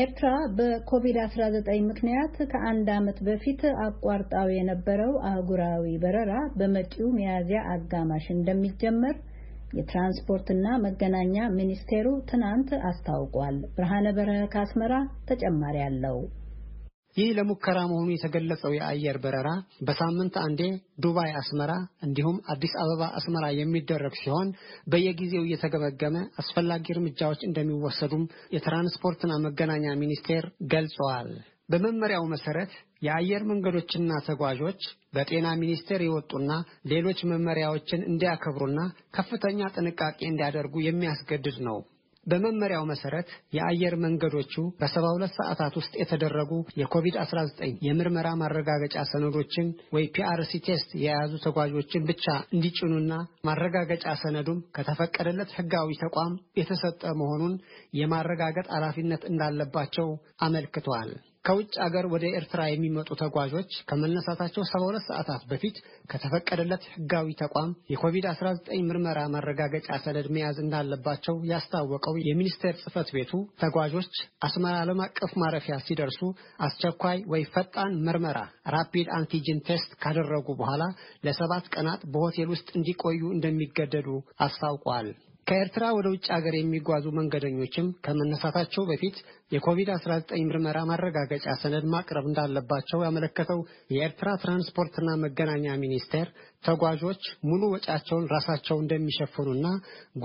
ኤርትራ በኮቪድ-19 ምክንያት ከአንድ ዓመት በፊት አቋርጣው የነበረው አህጉራዊ በረራ በመጪው ሚያዝያ አጋማሽ እንደሚጀመር የትራንስፖርትና መገናኛ ሚኒስቴሩ ትናንት አስታውቋል። ብርሃነ በረሀ ከአስመራ ተጨማሪ አለው። ይህ ለሙከራ መሆኑ የተገለጸው የአየር በረራ በሳምንት አንዴ ዱባይ አስመራ፣ እንዲሁም አዲስ አበባ አስመራ የሚደረግ ሲሆን በየጊዜው እየተገመገመ አስፈላጊ እርምጃዎች እንደሚወሰዱም የትራንስፖርትና መገናኛ ሚኒስቴር ገልጸዋል። በመመሪያው መሰረት የአየር መንገዶችና ተጓዦች በጤና ሚኒስቴር የወጡና ሌሎች መመሪያዎችን እንዲያከብሩና ከፍተኛ ጥንቃቄ እንዲያደርጉ የሚያስገድድ ነው። በመመሪያው መሰረት የአየር መንገዶቹ በ72 ሰዓታት ውስጥ የተደረጉ የኮቪድ-19 የምርመራ ማረጋገጫ ሰነዶችን ወይ ፒአርሲ ቴስት የያዙ ተጓዦችን ብቻ እንዲጭኑና ማረጋገጫ ሰነዱም ከተፈቀደለት ሕጋዊ ተቋም የተሰጠ መሆኑን የማረጋገጥ ኃላፊነት እንዳለባቸው አመልክቷል። ከውጭ አገር ወደ ኤርትራ የሚመጡ ተጓዦች ከመነሳታቸው 72 ሰዓታት በፊት ከተፈቀደለት ሕጋዊ ተቋም የኮቪድ-19 ምርመራ ማረጋገጫ ሰነድ መያዝ እንዳለባቸው ያስታወቀው የሚኒስቴር ጽህፈት ቤቱ ተጓዦች አስመራ ዓለም አቀፍ ማረፊያ ሲደርሱ አስቸኳይ ወይ ፈጣን ምርመራ ራፒድ አንቲጂን ቴስት ካደረጉ በኋላ ለሰባት ቀናት በሆቴል ውስጥ እንዲቆዩ እንደሚገደዱ አስታውቋል። ከኤርትራ ወደ ውጭ ሀገር የሚጓዙ መንገደኞችም ከመነሳታቸው በፊት የኮቪድ-19 ምርመራ ማረጋገጫ ሰነድ ማቅረብ እንዳለባቸው ያመለከተው የኤርትራ ትራንስፖርትና መገናኛ ሚኒስቴር ተጓዦች ሙሉ ወጪያቸውን ራሳቸው እንደሚሸፍኑና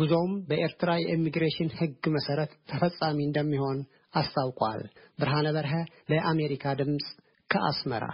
ጉዞውም በኤርትራ የኢሚግሬሽን ሕግ መሰረት ተፈጻሚ እንደሚሆን አስታውቋል። ብርሃነ በርሀ ለአሜሪካ ድምፅ ከአስመራ